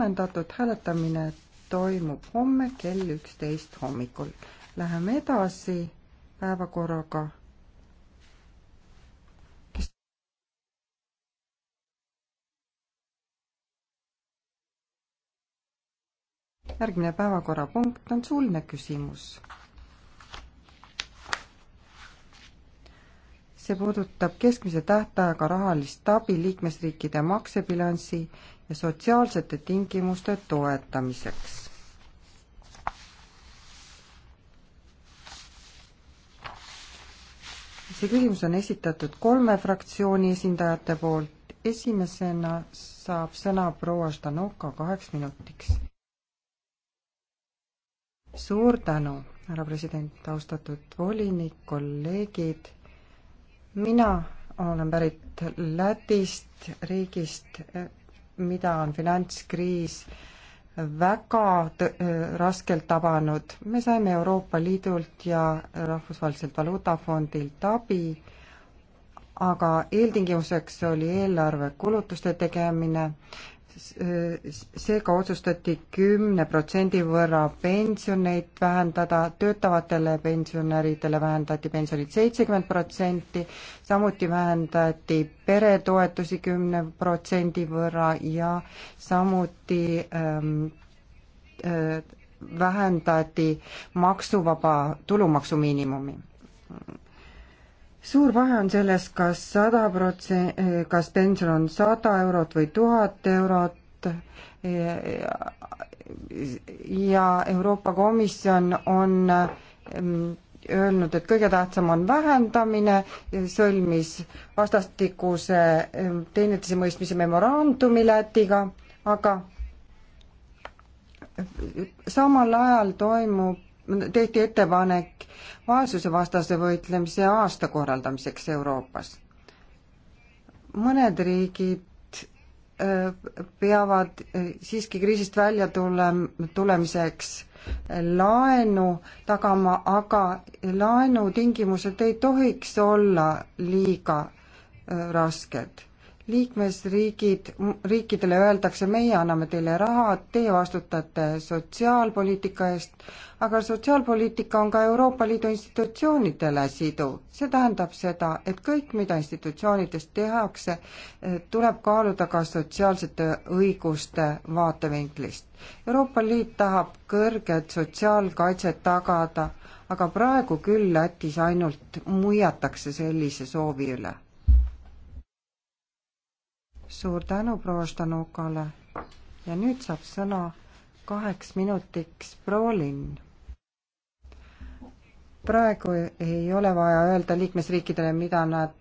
ammendatud, hääletamine toimub homme kell üksteist hommikul. Läheme edasi päevakorraga. järgmine päevakorrapunkt on suuline küsimus. see puudutab keskmise tähtajaga rahalist abi liikmesriikide maksebilansi ja sotsiaalsete tingimuste toetamiseks. see küsimus on esitatud kolme fraktsiooni esindajate poolt. esimesena saab sõna proua Ždanoka kaheks minutiks. suur tänu, härra president, austatud volinik, kolleegid. mina olen pärit Lätist, riigist, mida on finantskriis väga äh, raskelt tabanud. me saime Euroopa Liidult ja Rahvusvaheliselt Valuutafondilt abi, aga eeltingimuseks oli eelarve kulutuste tegemine, seega otsustati kümne protsendi võrra pensioneid vähendada, töötavatele pensionäridele vähendati pensionid seitsekümmend protsenti, samuti vähendati peretoetusi kümne protsendi võrra ja samuti ähm, äh, vähendati maksuvaba tulumaksu miinimumi suur vahe on selles kas, kas sada protsenti, kas pension on sada eurot või tuhat eurot ja Euroopa Komisjon on mm, öelnud, et kõige tähtsam on vähendamine, sõlmis vastastikuse mm, teineteise mõistmise memorandumi Lätiga, aga samal ajal toimub tehti ettepanek vaesusevastase võitlemise aasta korraldamiseks Euroopas. mõned riigid äh, peavad äh, siiski kriisist välja tule-, tulemiseks laenu tagama, aga laenutingimused ei tohiks olla liiga äh, rasked liikmesriigid, riikidele öeldakse, meie anname teile raha, teie vastutate sotsiaalpoliitika eest, aga sotsiaalpoliitika on ka Euroopa Liidu institutsioonidele siduv. see tähendab seda, et kõik, mida institutsioonides tehakse, eh, tuleb kaaluda ka sotsiaalsete õiguste vaatevinklist. Euroopa Liit tahab kõrget sotsiaalkaitset tagada, aga praegu küll Lätis ainult muiatakse sellise soovi üle suur tänu proua Štanukale ja nüüd saab sõna kaheks minutiks proua Linn. praegu ei ole vaja öelda liikmesriikidele, mida nad,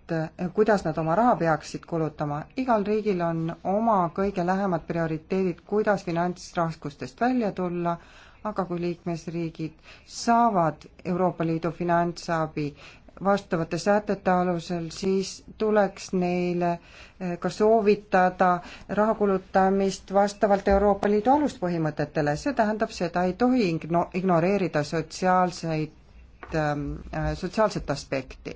kuidas nad oma raha peaksid kulutama, igal riigil on oma kõige lähemad prioriteedid, kuidas finantsraskustest välja tulla, aga kui liikmesriigid saavad Euroopa Liidu finantsabi vastavate sätete alusel, siis tuleks neile eh, ka soovitada raha kulutamist vastavalt Euroopa Liidu aluspõhimõtetele, see tähendab seda, ei tohi igno-, ignoreerida sotsiaalseid, ähm, äh, sotsiaalset aspekti.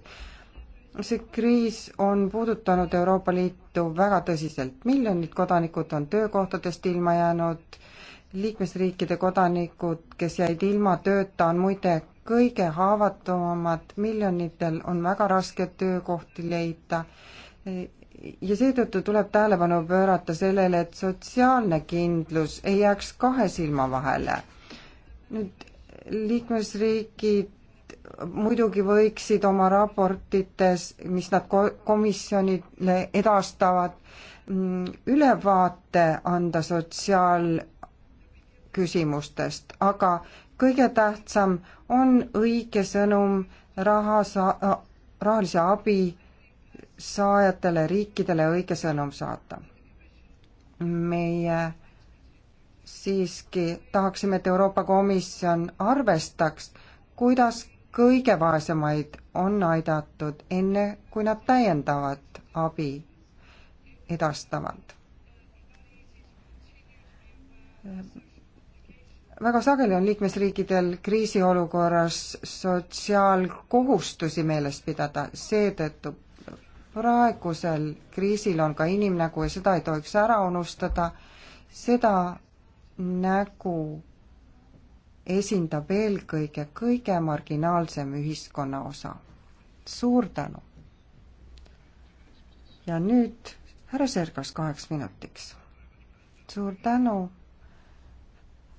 see kriis on puudutanud Euroopa Liitu väga tõsiselt, miljonid kodanikud on töökohtadest ilma jäänud, liikmesriikide kodanikud, kes jäid ilma tööta, on muide kõige haavatavamad, miljonitel on väga raske töökohti leida ja seetõttu tuleb tähelepanu pöörata sellele, et sotsiaalne kindlus ei jääks kahe silma vahele. nüüd liikmesriigid muidugi võiksid oma raportites, mis nad komisjonile edastavad, ülevaate anda sotsiaalküsimustest, aga kõige tähtsam on õige sõnum raha sa-, rahalise abi saajatele riikidele õige sõnum saata. meie siiski tahaksime, et Euroopa Komisjon arvestaks, kuidas kõige vaesemaid on aidatud, enne kui nad täiendavat abi edastavad väga sageli on liikmesriikidel kriisiolukorras sotsiaalkohustusi meeles pidada, seetõttu praegusel kriisil on ka inimnägu ja seda ei tohiks ära unustada, seda nägu esindab eelkõige kõige marginaalsem ühiskonna osa. suur tänu! ja nüüd härra Sergas kaheks minutiks. suur tänu!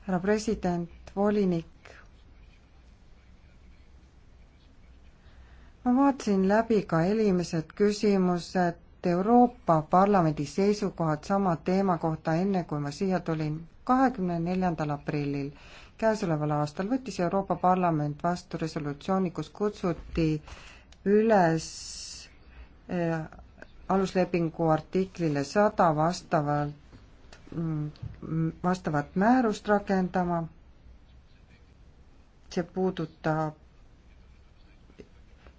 härra president, volinik. ma vaatasin läbi ka eelmised küsimused Euroopa Parlamendi seisukohad sama teema kohta, enne kui ma siia tulin. kahekümne neljandal aprillil käesoleval aastal võttis Euroopa Parlament vastu resolutsiooni, kus kutsuti üles eh, aluslepingu artiklile sada vastavalt Mm, vastavat määrust rakendama. see puudutab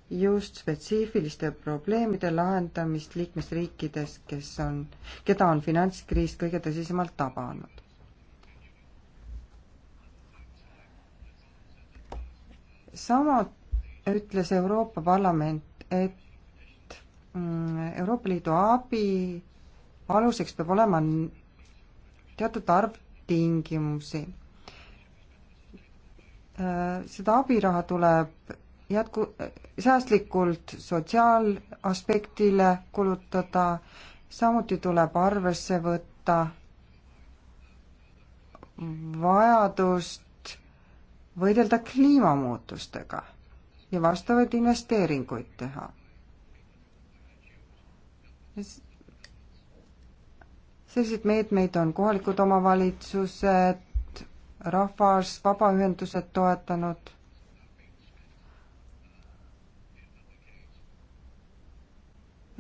just spetsiifiliste probleemide lahendamist liikmesriikides, kes on, keda on finantskriis kõige tõsisemalt tabanud. sama ütles Euroopa Parlament, et mm, Euroopa Liidu abi aluseks peab olema teatud arv tingimusi. Äh, seda abiraha tuleb jätku, säästlikult sotsiaalaspektile kulutada, samuti tuleb arvesse võtta vajadust võidelda kliimamuutustega ja vastavaid investeeringuid teha selliseid meetmeid on kohalikud omavalitsused, rahvas, vabaühendused toetanud.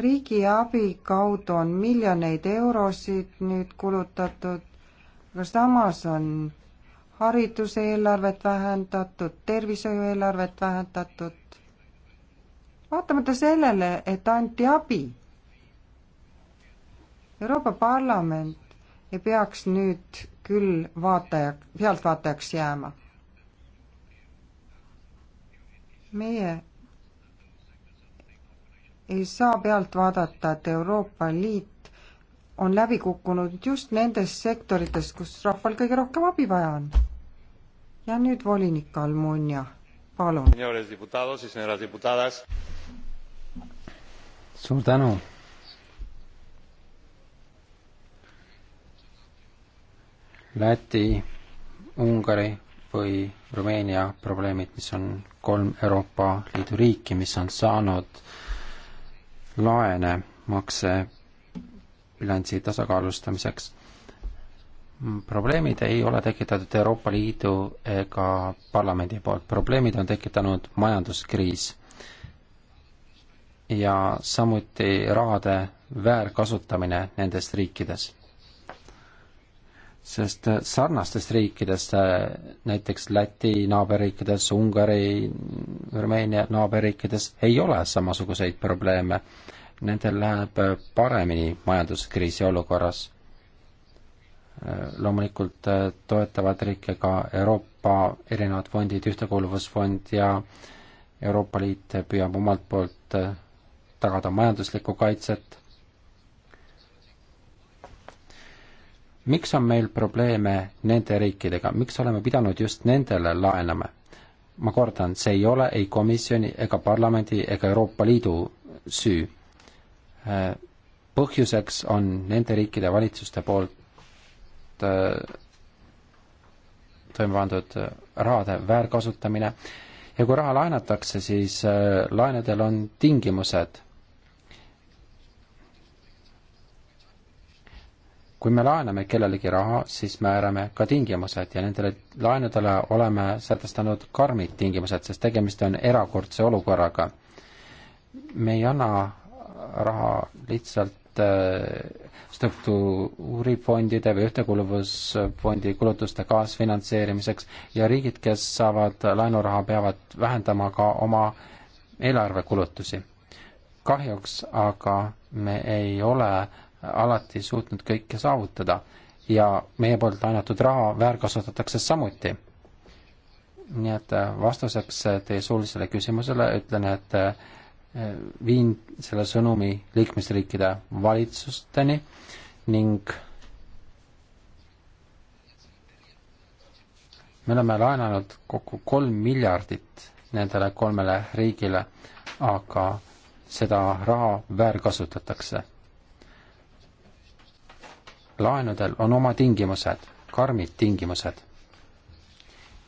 riigiabi kaudu on miljoneid eurosid nüüd kulutatud, aga samas on hariduse eelarvet vähendatud, tervishoiu eelarvet vähendatud. vaatamata sellele, et anti abi Euroopa Parlament ei peaks nüüd küll vaataja, pealtvaatajaks jääma. meie ei saa pealt vaadata, et Euroopa Liit on läbi kukkunud just nendes sektorites, kus rahval kõige rohkem abi vaja on. ja nüüd volinik Almunia, palun. suur tänu Läti, Ungari või Rumeenia probleemid, mis on kolm Euroopa Liidu riiki, mis on saanud laene maksebilansi tasakaalustamiseks. probleemid ei ole tekitatud Euroopa Liidu ega parlamendi poolt, probleemid on tekitanud majanduskriis ja samuti rahade väärkasutamine nendes riikides sest äh, sarnastest riikidest, äh, näiteks Läti naaberriikides, Ungari, Rumeenia naaberriikides ei ole samasuguseid probleeme. Nendel läheb äh, paremini majanduskriisi olukorras. loomulikult toetavad riike ka Euroopa erinevad fondid, Ühtekuuluvusfond ja Euroopa Liit püüab omalt poolt tagada majanduslikku kaitset miks on meil probleeme nende riikidega, miks oleme pidanud just nendele laenama? ma kordan, see ei ole ei komisjoni ega parlamendi ega Euroopa Liidu süü. Äh, põhjuseks on nende riikide valitsuste poolt äh, toime pandud äh, rahade väärkasutamine ja kui raha laenatakse, siis laenadel on tingimused kui me laename kellelegi raha, siis määrame ka tingimused ja nendele laenudele oleme sätestanud karmid tingimused, sest tegemist on erakordse olukorraga. me ei anna raha lihtsalt äh, struktuurifondide või ühtekuuluvusfondi kulutuste kaasfinantseerimiseks ja riigid, kes saavad laenuraha, peavad vähendama ka oma eelarvekulutusi. kahjuks aga me ei ole alati suutnud kõike saavutada ja meie poolt laenatud raha väärkasutatakse samuti. nii et äh, vastuseks äh, teie suulisele küsimusele ütlen, et äh, viin selle sõnumi liikmesriikide valitsusteni ning me oleme laenanud kokku kolm miljardit nendele kolmele riigile, aga seda raha väärkasutatakse laenudel on oma tingimused, karmid tingimused.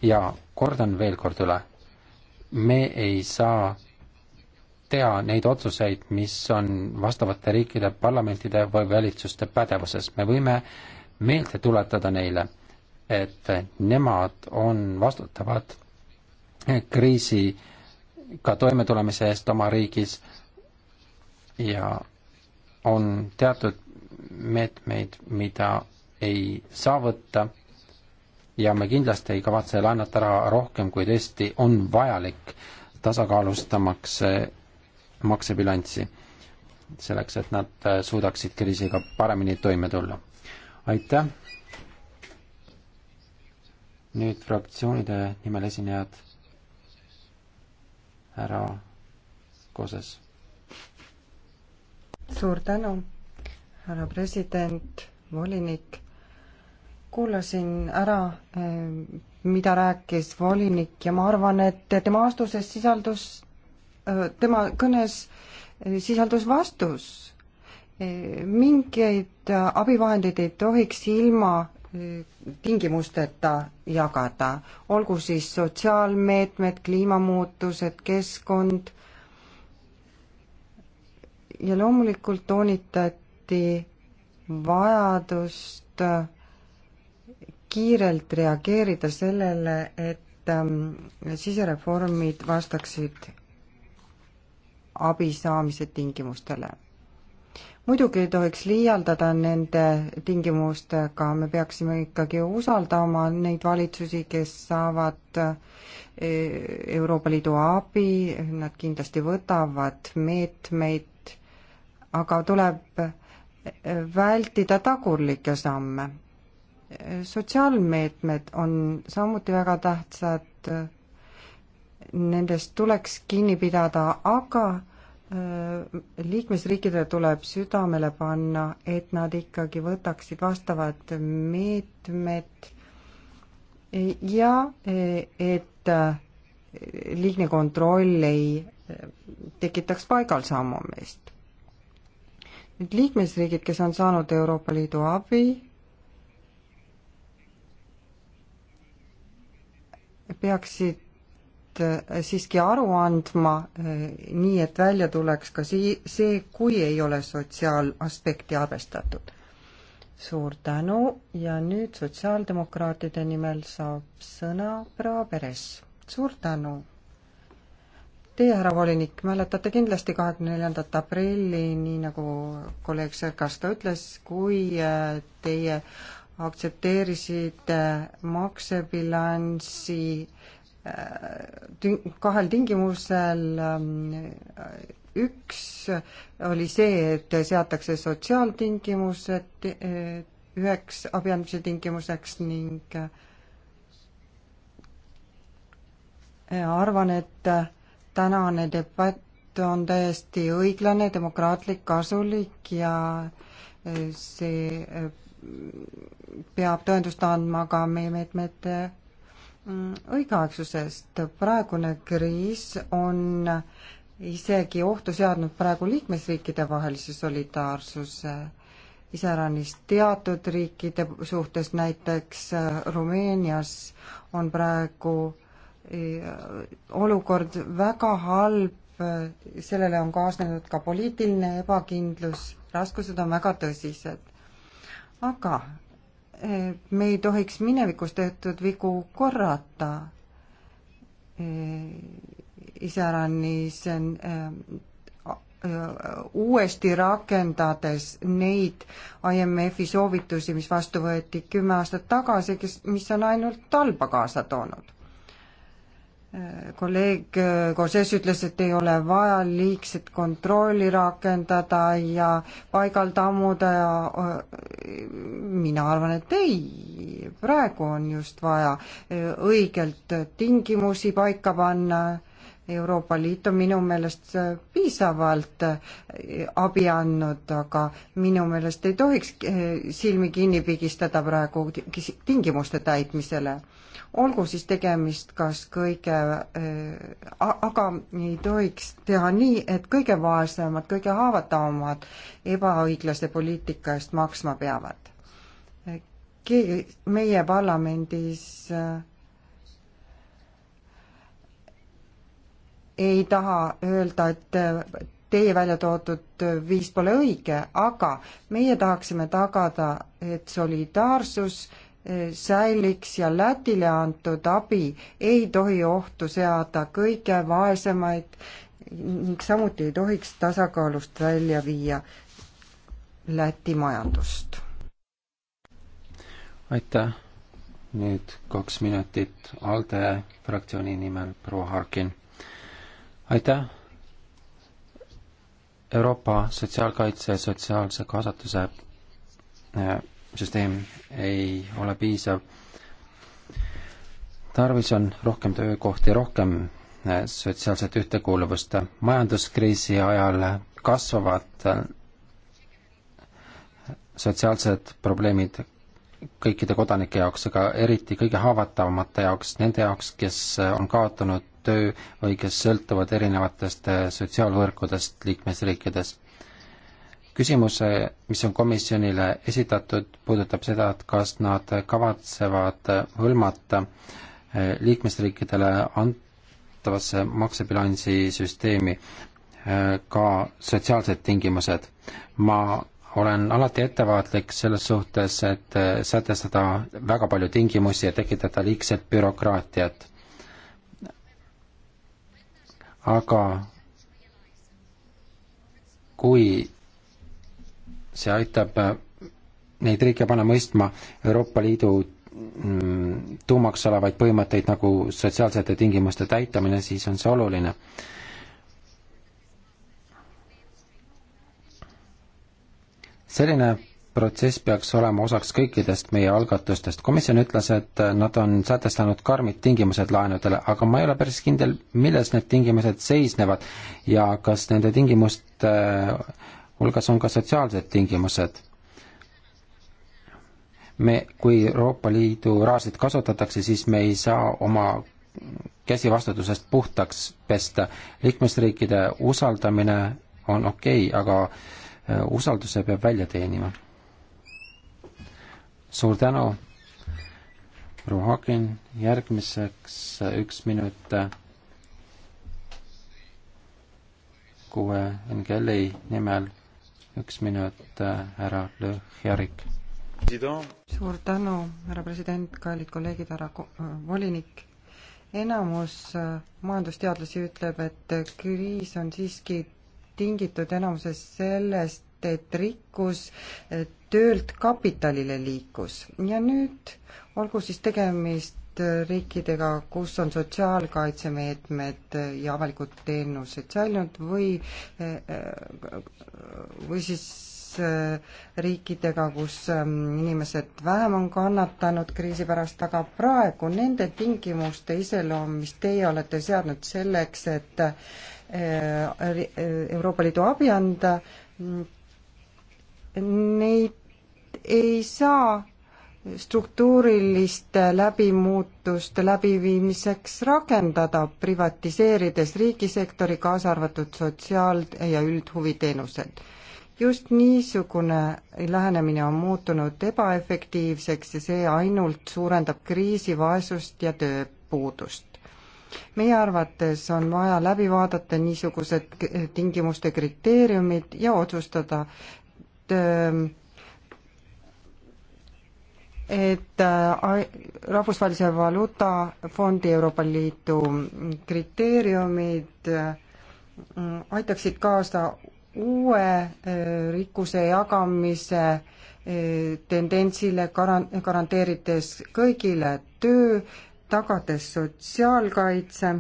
ja kordan veel kord üle, me ei saa teha neid otsuseid, mis on vastavate riikide parlamentide või valitsuste pädevuses, me võime meelde tuletada neile, et nemad on vastutavad kriisiga toimetulemise eest oma riigis ja on teatud meetmeid, mida ei saa võtta ja me kindlasti ei kavatse laenata raha rohkem, kui tõesti on vajalik, tasakaalustamaks eh, maksebilanssi, selleks et nad eh, suudaksid kriisiga paremini toime tulla. aitäh! nüüd fraktsioonide nimel esinejad, härra Koses. suur tänu! härra president, volinik, kuulasin ära, eh, mida rääkis volinik ja ma arvan, et tema vastuses sisaldus, eh, tema kõnes eh, sisaldus vastus. mingeid abivahendeid ei tohiks ilma tingimusteta jagada, olgu siis sotsiaalmeetmed, kliimamuutused, keskkond ja loomulikult toonitati rõhutati vajadust kiirelt reageerida sellele, et ähm, sisereformid vastaksid abi saamise tingimustele. muidugi ei tohiks liialdada nende tingimustega, me peaksime ikkagi usaldama neid valitsusi, kes saavad äh, Euroopa Liidu abi, nad kindlasti võtavad meetmeid, aga tuleb vältida tagurlikke samme. sotsiaalmeetmed on samuti väga tähtsad, nendest tuleks kinni pidada, aga äh, liikmesriikidele tuleb südamele panna, et nad ikkagi võtaksid vastavad meetmed ja et äh, liigne kontroll ei äh, tekitaks paigalsammumist nüüd liikmesriigid, kes on saanud Euroopa Liidu abi, peaksid äh, siiski aru andma äh, nii, et välja tuleks ka sii-, see, kui ei ole sotsiaalaspekti arvestatud. suur tänu ja nüüd sotsiaaldemokraatide nimel saab sõna Praaberes. suur tänu! Teie, härra volinik, mäletate kindlasti kahekümne neljandat aprilli, nii nagu kolleeg Serkas ka ütles, kui äh, teie aktsepteerisite maksebilansi äh, kahel tingimusel. Äh, üks oli see, et seatakse sotsiaaltingimused üheks abiandmise tingimuseks ning arvan, et tänane debatt on täiesti õiglane, demokraatlik, kasulik ja e, see e, peab tõendust andma ka meie meetmete mm, õigeaegsusest. praegune kriis on isegi ohtu seadnud praegu liikmesriikide vahelise solidaarsuse, iseäranis teatud riikide suhtes, näiteks Rumeenias on praegu olukord väga halb, sellele on kaasnenud ka poliitiline ebakindlus, raskused on väga tõsised. aga e, me ei tohiks minevikus tehtud vigu korrata, e, iseäranis e, uuesti rakendades neid IMF-i soovitusi, mis vastu võeti kümme aastat tagasi, kes, mis on ainult halba kaasa toonud kolleeg Koses ütles, et ei ole vaja liigset kontrolli rakendada ja paigal tammuda ja mina arvan, et ei, praegu on just vaja õigelt tingimusi paika panna. Euroopa Liit on minu meelest piisavalt abi andnud, aga minu meelest ei tohiks silmi kinni pigistada praegu tingimuste täitmisele olgu siis tegemist kas kõige, äh, aga ei tohiks teha nii, et kõige vaesemad, kõige haavatavamad ebaõiglase poliitika eest maksma peavad. keegi meie parlamendis äh, ei taha öelda, et äh, teie välja toodud viis pole õige, aga meie tahaksime tagada, et solidaarsus säiliks ja Lätile antud abi ei tohi ohtu seada kõige vaesemaid ning samuti ei tohiks tasakaalust välja viia Läti majandust. aitäh, nüüd kaks minutit ALDE fraktsiooni nimel proua Harkin. aitäh, Euroopa sotsiaalkaitse ja sotsiaalse kaasatuse äh, süsteem ei ole piisav. tarvis on rohkem töökohti, rohkem eh, sotsiaalset ühtekuuluvust. majanduskriisi ajal kasvavad eh, sotsiaalsed probleemid kõikide kodanike jaoks, aga eriti kõige haavatavamate jaoks, nende jaoks, kes eh, on kaotanud töö või kes sõltuvad erinevatest sotsiaalvõrkudest liikmesriikides küsimus, mis on komisjonile esitatud, puudutab seda, et kas nad kavatsevad hõlmata eh, liikmesriikidele antavasse maksebilansi süsteemi eh, ka sotsiaalsed tingimused. ma olen alati ettevaatlik selles suhtes, et eh, sätestada väga palju tingimusi ja tekitada liigset bürokraatiat. aga kui see aitab äh, neid riike panna mõistma Euroopa Liidu mm, tuumaks olevaid põhimõtteid nagu sotsiaalsete tingimuste täitamine, siis on see oluline. selline protsess peaks olema osaks kõikidest meie algatustest. komisjon ütles, et nad on sätestanud karmid tingimused laenudele, aga ma ei ole päris kindel, milles need tingimused seisnevad ja kas nende tingimuste hulgas on ka sotsiaalsed tingimused. me, kui Euroopa Liidu rahasid kasutatakse, siis me ei saa oma käsi vastutusest puhtaks pesta. liikmesriikide usaldamine on okei okay,, aga äh, usalduse peab välja teenima. suur tänu, proua Hakin, järgmiseks äh, üks minut äh, kuue NGL-i nimel üks minut, äh, härra Lõhjarik. suur tänu, härra president, kallid kolleegid, härra äh, volinik. enamus äh, majandusteadlasi ütleb, et kriis on siiski tingitud enamuses sellest, et rikkus töölt kapitalile liikus ja nüüd olgu siis tegemist riikidega, kus on sotsiaalkaitsemeetmed ja avalikud teenused säilinud või, või siis äh, riikidega, kus ähm, inimesed vähem on kannatanud kriisi pärast, aga praegu nende tingimuste iseloom, mis teie olete seadnud selleks, et äh, äh, Euroopa Liidu abi anda, neid ei saa struktuuriliste läbimuutuste läbiviimiseks rakendada, privatiseerides riigisektori, kaasa arvatud sotsiaal- ja üldhuviteenused. just niisugune lähenemine on muutunud ebaefektiivseks ja see ainult suurendab kriisi, vaesust ja tööpuudust. meie arvates on vaja läbi vaadata niisugused tingimuste kriteeriumid ja otsustada, et ähm, et äh, Rahvusvahelise Valuutafondi Euroopa Liidu kriteeriumid äh, aitaksid kaasa uue äh, rikkuse jagamise tendentsile, garan-, garanteerides kõigile töö, tagades sotsiaalkaitse,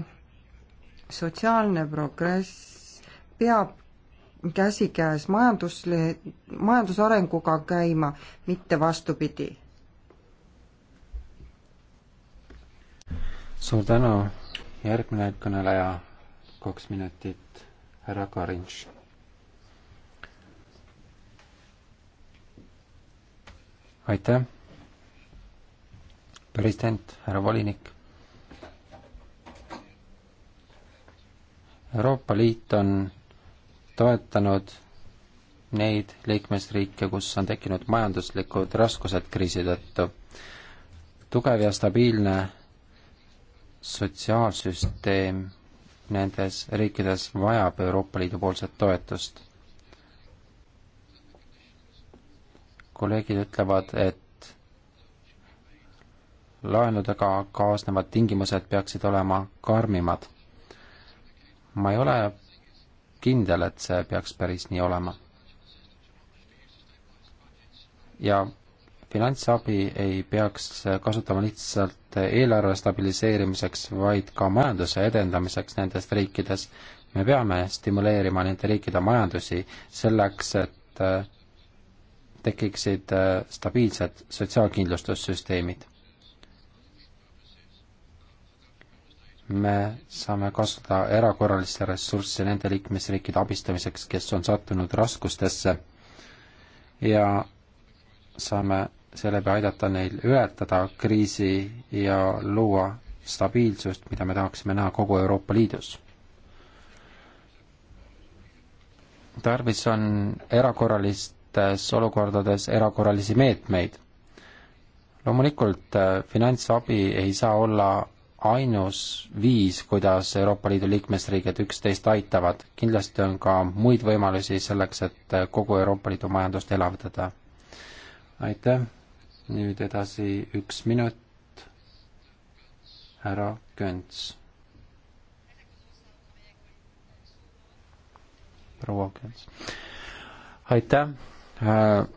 sotsiaalne progress peab käsikäes majandus, majandusarenguga käima, mitte vastupidi suur tänu, järgmine kõneleja, kaks minutit, härra Karinš. aitäh, president, härra volinik. Euroopa Liit on toetanud neid liikmesriike, kus on tekkinud majanduslikud raskused kriisi tõttu. tugev ja stabiilne sotsiaalsüsteem nendes riikides vajab Euroopa Liidu poolset toetust. kolleegid ütlevad, et laenudega kaasnevad tingimused peaksid olema karmimad. ma ei ole kindel, et see peaks päris nii olema. ja finantsabi ei peaks kasutama lihtsalt eelarve stabiliseerimiseks, vaid ka majanduse edendamiseks nendes riikides. me peame stimuleerima nende riikide majandusi selleks, et äh, tekiksid äh, stabiilsed sotsiaalkindlustussüsteemid. me saame kasutada erakorralisi ressursse nende liikmesriikide abistamiseks, kes on sattunud raskustesse ja saame seeläbi aidata neil ületada kriisi ja luua stabiilsust, mida me tahaksime näha kogu Euroopa Liidus. tarvis on erakorralistes olukordades erakorralisi meetmeid. loomulikult äh, finantsabi ei saa olla ainus viis, kuidas Euroopa Liidu liikmesriigid üksteist aitavad. kindlasti on ka muid võimalusi selleks, et äh, kogu Euroopa Liidu majandust elavdada aitäh, nüüd edasi üks minut, härra Könts. proua Könts. aitäh äh,.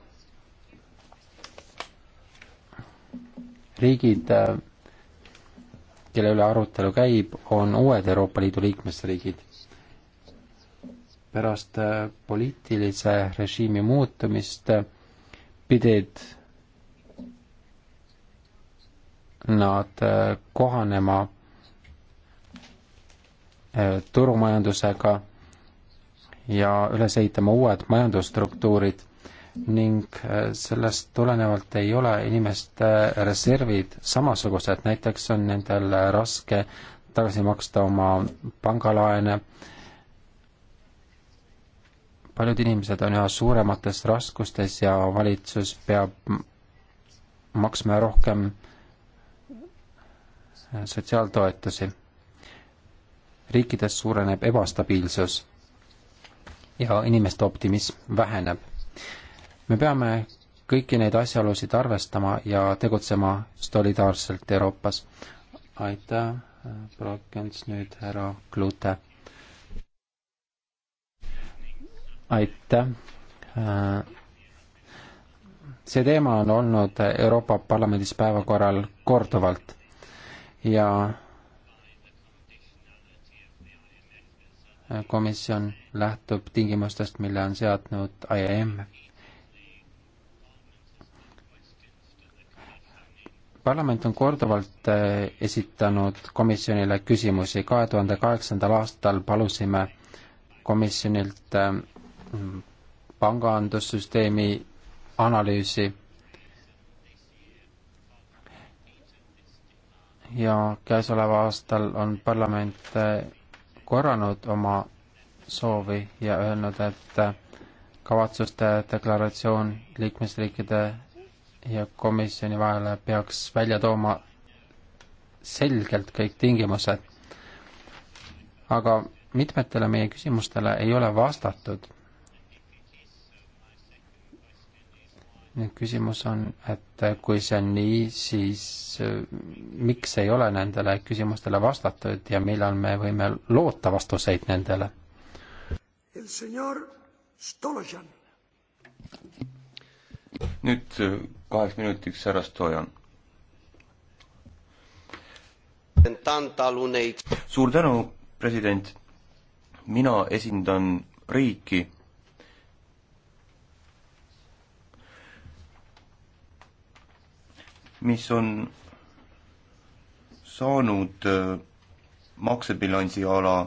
riigid äh,, kelle üle arutelu käib, on uued Euroopa Liidu liikmesriigid pärast äh, poliitilise režiimi muutumist äh, pidid nad äh, kohanema äh, turumajandusega ja üles ehitama uued majandusstruktuurid ning äh, sellest tulenevalt ei ole inimeste reservid samasugused, näiteks on nendel raske tagasi maksta oma pangalaene äh, paljud inimesed on üha suuremates raskustes ja valitsus peab maksma rohkem äh, sotsiaaltoetusi. riikides suureneb ebastabiilsus ja inimeste optimism väheneb. me peame kõiki neid asjaolusid arvestama ja tegutsema solidaarselt Euroopas. aitäh, proua äh, Kents, nüüd härra Klute aitäh. see teema on olnud Euroopa Parlamendis päevakorral korduvalt ja komisjon lähtub tingimustest, mille on seadnud IAM. parlament on korduvalt esitanud komisjonile küsimusi, kahe tuhande kaheksandal aastal palusime komisjonilt pangandussüsteemi analüüsi ja käesoleval aastal on parlament eh, korranud oma soovi ja öelnud, et eh, kavatsuste deklaratsioon liikmesriikide ja komisjoni vahele peaks välja tooma selgelt kõik tingimused. aga mitmetele meie küsimustele ei ole vastatud nüüd küsimus on, et kui see on nii, siis äh, miks ei ole nendele küsimustele vastatud ja millal me võime loota vastuseid nendele? nüüd äh, kaheks minutiks härra Stojan. suur tänu, president. mina esindan riiki mis on saanud äh, maksebilansi ala äh,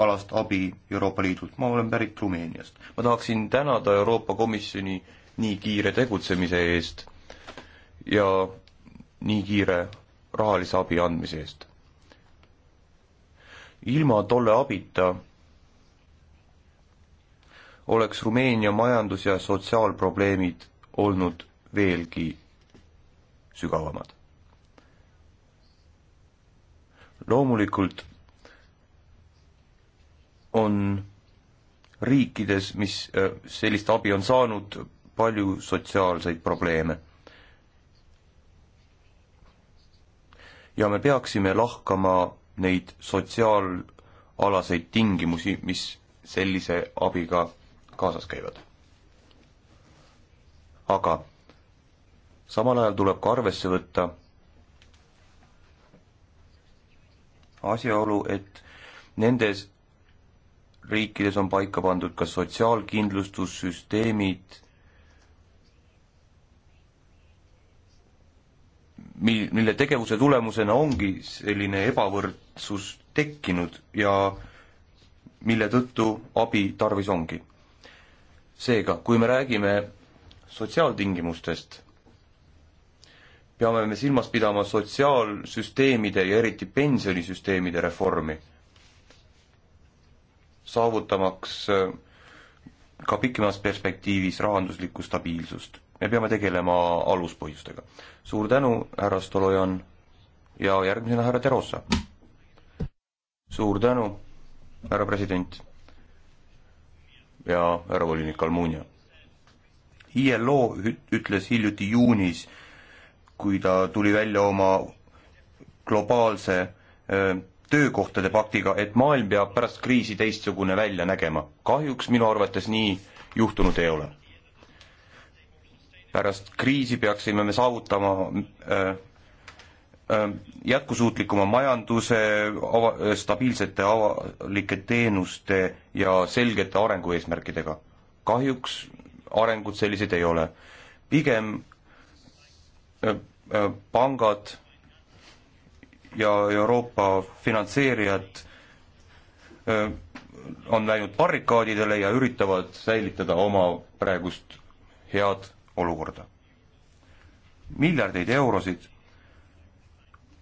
alast abi Euroopa Liidult, ma olen pärit Rumeeniast. ma tahaksin tänada Euroopa Komisjoni nii kiire tegutsemise eest ja nii kiire rahalise abi andmise eest. ilma tolle abita oleks Rumeenia majandus- ja sotsiaalprobleemid olnud veelgi sügavamad. loomulikult on riikides, mis äh, sellist abi on saanud, palju sotsiaalseid probleeme. ja me peaksime lahkama neid sotsiaalalaseid tingimusi, mis sellise abiga kaasas käivad. aga samal ajal tuleb ka arvesse võtta asjaolu, et nendes riikides on paika pandud ka sotsiaalkindlustussüsteemid, mi-, mille tegevuse tulemusena ongi selline ebavõrdsus tekkinud ja mille tõttu abi tarvis ongi. seega, kui me räägime sotsiaaltingimustest peame me silmas pidama sotsiaalsüsteemide ja eriti pensionisüsteemide reformi, saavutamaks äh, ka pikemas perspektiivis rahanduslikku stabiilsust. me peame tegelema aluspõhjustega. suur tänu, härra Stolojan ja järgmisena härra Terossa. suur tänu, härra president ja härra volinik Almunia. ILO ütles hiljuti juunis, kui ta tuli välja oma globaalse töökohtade paktiga, et maailm peab pärast kriisi teistsugune välja nägema. kahjuks minu arvates nii juhtunud ei ole. pärast kriisi peaksime me saavutama äh, äh, jätkusuutlikuma majanduse, ava-, stabiilsete avalike teenuste ja selgete arengueesmärkidega. kahjuks arengud sellised ei ole. pigem Äh, äh, pangad ja Euroopa finantseerijad äh, on läinud barrikaadidele ja üritavad säilitada oma praegust head olukorda. miljardeid eurosid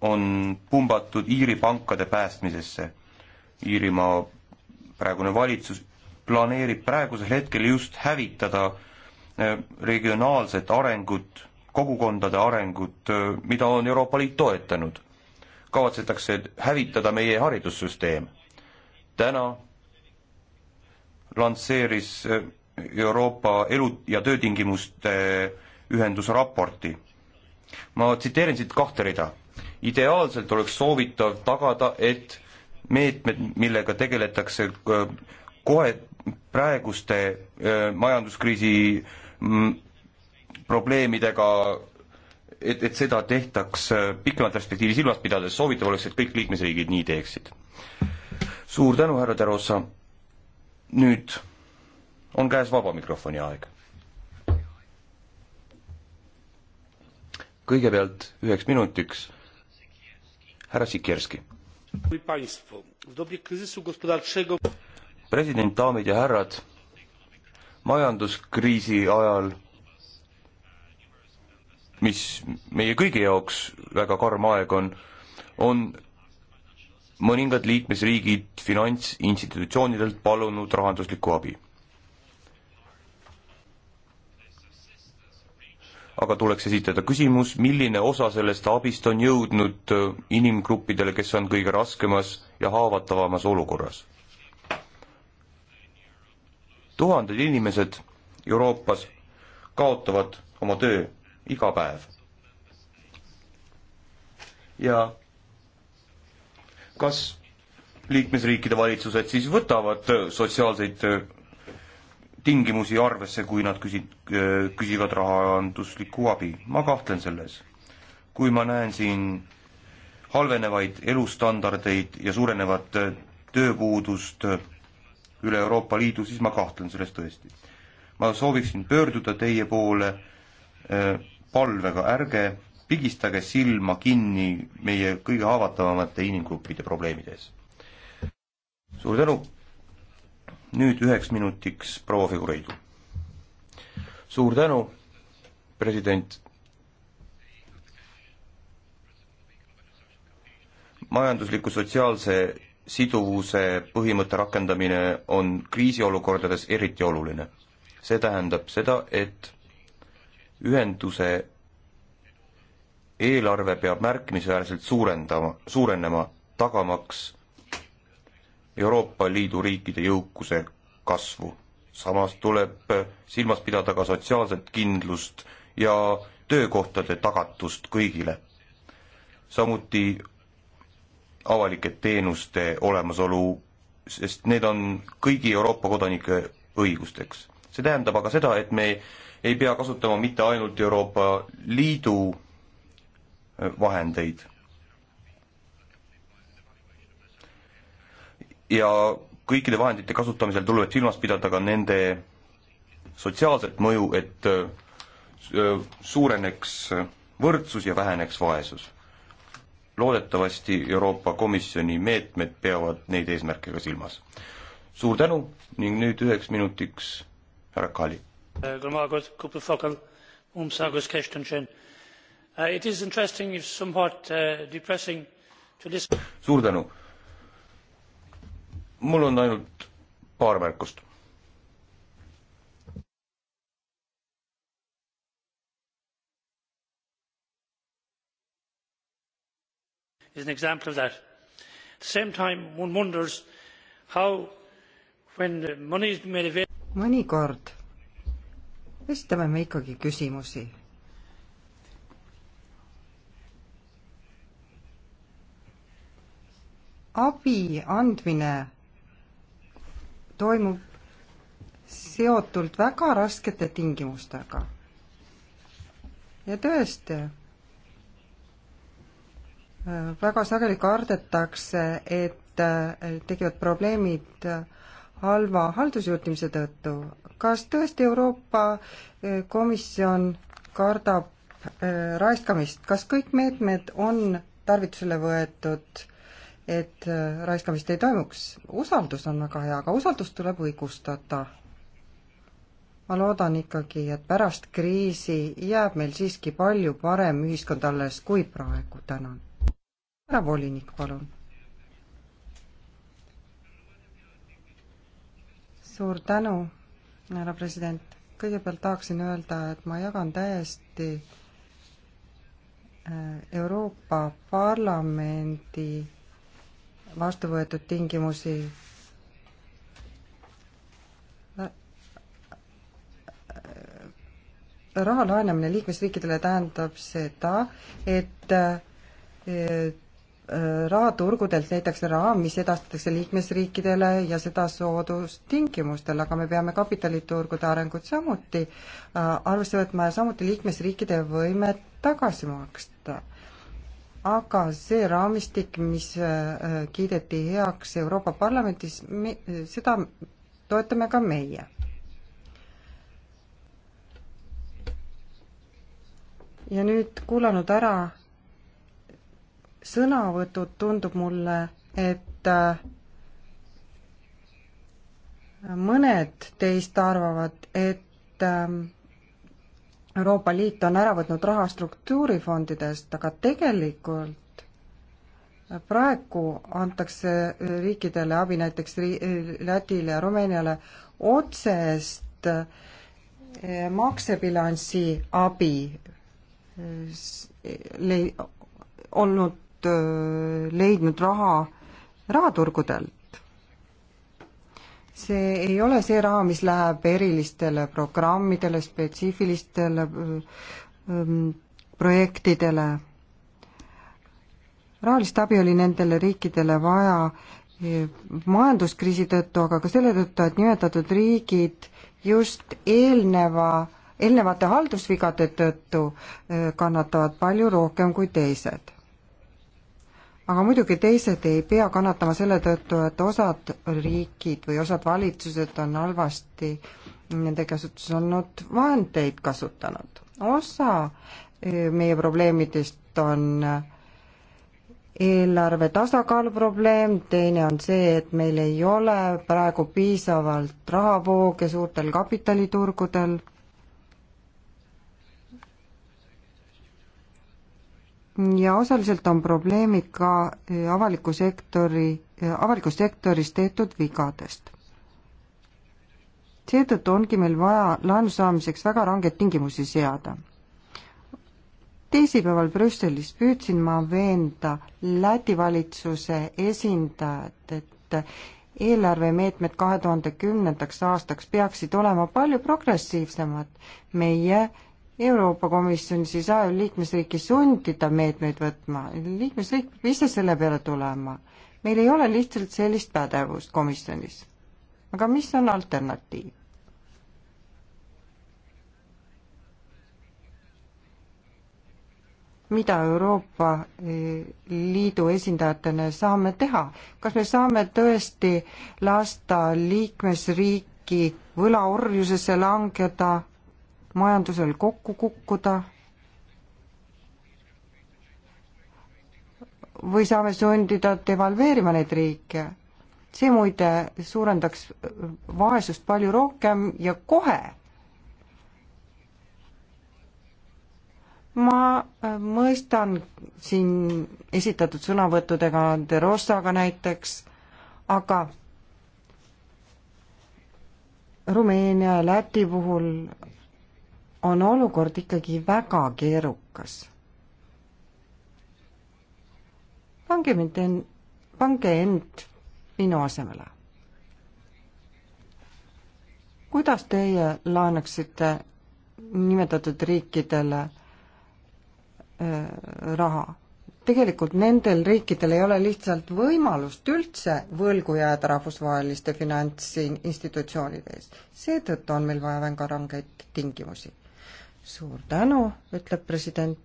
on pumbatud Iiri pankade päästmisesse. Iirimaa praegune valitsus planeerib praegusel hetkel just hävitada regionaalset arengut kogukondade arengut, mida on Euroopa Liit toetanud. kavatsetakse hävitada meie haridussüsteem. täna lansseeris Euroopa elu- ja töötingimuste ühendus raporti. ma tsiteerin siit kahte rida. ideaalselt oleks soovitav tagada, et meetmed, millega tegeletakse kohe praeguste majanduskriisi probleemidega, et, et seda tehtaks pikemat perspektiivi silmas pidades, soovitav oleks, et kõik liikmesriigid nii teeksid. suur tänu, härra Terosa, nüüd on käes vaba mikrofoni aeg. kõigepealt üheks minutiks härra Sikerski. president, daamid ja härrad, majanduskriisi ajal mis meie kõigi jaoks väga karm aeg on, on mõningad liikmesriigid finantsinstitutsioonidelt palunud rahanduslikku abi. aga tuleks esitada küsimus, milline osa sellest abist on jõudnud äh, inimgruppidele, kes on kõige raskemas ja haavatavamas olukorras. tuhanded inimesed Euroopas kaotavad oma töö iga päev. ja kas liikmesriikide valitsused siis võtavad sotsiaalseid äh, tingimusi arvesse, kui nad küsi-, äh, küsivad rahanduslikku abi, ma kahtlen selles. kui ma näen siin halvenevaid elustandardeid ja suurenevat äh, tööpuudust üle Euroopa Liidu, siis ma kahtlen selles tõesti. ma sooviksin pöörduda teie poole äh, palvega, ärge pigistage silma kinni meie kõige haavatavamate inimgruppide probleemide ees. suur tänu, nüüd üheks minutiks proua Figureidu. suur tänu, president. majandusliku sotsiaalse siduvuse põhimõtte rakendamine on kriisiolukordades eriti oluline. see tähendab seda, et ühenduse eelarve peab märkimisväärselt suurendama, suurenema, tagamaks Euroopa Liidu riikide jõukuse kasvu. samas tuleb silmas pidada ka sotsiaalset kindlust ja töökohtade tagatust kõigile. samuti avalike teenuste olemasolu, sest need on kõigi Euroopa kodanike õigusteks. see tähendab aga seda, et me ei pea kasutama mitte ainult Euroopa Liidu äh, vahendeid. ja kõikide vahendite kasutamisel tuleb silmas pidada ka nende sotsiaalset mõju, et äh, äh, suureneks võrdsus ja väheneks vaesus. loodetavasti Euroopa Komisjoni meetmed peavad neid eesmärke ka silmas. suur tänu ning nüüd üheks minutiks härra Kali suur tänu. mul on ainult paar märkust is an example of that. at the same time one wonders how when the money is made available. mõnikord esitame me ikkagi küsimusi. abi andmine toimub seotult väga raskete tingimustega. ja tõesti, väga sageli kardetakse, et tekivad probleemid äh, halva haldusjuhtimise tõttu. kas tõesti Euroopa e, Komisjon kardab e, raiskamist, kas kõik meetmed on tarvitusele võetud, et e, raiskamist ei toimuks? usaldus on väga hea, aga usaldust tuleb õigustada. ma loodan ikkagi, et pärast kriisi jääb meil siiski palju parem ühiskond alles kui praegu, tänan. härra volinik, palun suur tänu, härra president. kõigepealt tahaksin öelda, et ma jagan täiesti äh, Euroopa Parlamendi vastu võetud tingimusi äh, äh, raha laenamine liikmesriikidele tähendab seda, et rahaturgudelt leitakse raha, mis edastatakse liikmesriikidele ja seda soodustingimustel, aga me peame kapitaliturgude arengut samuti äh, arvesse võtma ja samuti liikmesriikide võimet tagasi maksta. aga see raamistik, mis äh, kiideti heaks Euroopa Parlamendis, me, seda toetame ka meie. ja nüüd kuulanud ära sõnavõtud tundub mulle, et äh, mõned teist arvavad, et äh, Euroopa Liit on ära võtnud raha struktuurifondidest, aga tegelikult praegu antakse riikidele abi näiteks Lätile ja Rumeeniale otsest äh, maksebilansi abi olnud leidnud raha rahaturgudelt. see ei ole see raha, mis läheb erilistele programmidele, spetsiifilistele projektidele. rahalist abi oli nendele riikidele vaja majanduskriisi tõttu, aga ka selle tõttu, et nimetatud riigid just eelneva, eelnevate haldusvigade tõttu kannatavad palju rohkem kui teised aga muidugi teised ei pea kannatama selle tõttu, et osad riigid või osad valitsused on halvasti nende käsutuses olnud vahendeid kasutanud. osa e, meie probleemidest on eelarve tasakaalu probleem, teine on see, et meil ei ole praegu piisavalt rahavooge suurtel kapitaliturgudel ja osaliselt on probleemid ka äh, avaliku sektori, äh, avalikus sektoris tehtud vigadest. seetõttu ongi meil vaja laenu saamiseks väga rangeid tingimusi seada. teisipäeval Brüsselis püüdsin ma veenda Läti valitsuse esindajat, et eelarvemeetmed kahe tuhande kümnendaks aastaks peaksid olema palju progressiivsemad meie Euroopa Komisjon siis ajab liikmesriiki sundida meetmeid võtma, liikmesriik peab ise selle peale tulema. meil ei ole lihtsalt sellist pädevust komisjonis. aga mis on alternatiiv? mida Euroopa eh, Liidu esindajatena saame teha, kas me saame tõesti lasta liikmesriiki võlaorjusesse langeda majandusel kokku kukkuda või saame sundida devalveerima neid riike. see muide suurendaks vaesust palju rohkem ja kohe. ma mõistan siin esitatud sõnavõttudega De Rosaga näiteks, aga Rumeenia ja Läti puhul on olukord ikkagi väga keerukas. pange mind en-, pange end minu asemele. kuidas teie laenaksite nimetatud riikidele raha? tegelikult nendel riikidel ei ole lihtsalt võimalust üldse võlgu jääda rahvusvaheliste finantsinstitutsioonide ees. seetõttu on meil vaja väga rangeid tingimusi suur tänu, ütleb president.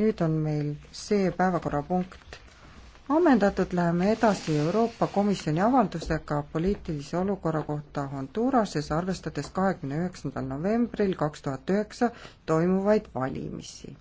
nüüd on meil see päevakorrapunkt ammendatud, läheme edasi Euroopa Komisjoni avaldusega poliitilise olukorra kohta Honduras'es, arvestades kahekümne üheksandal novembril kaks tuhat üheksa toimuvaid valimisi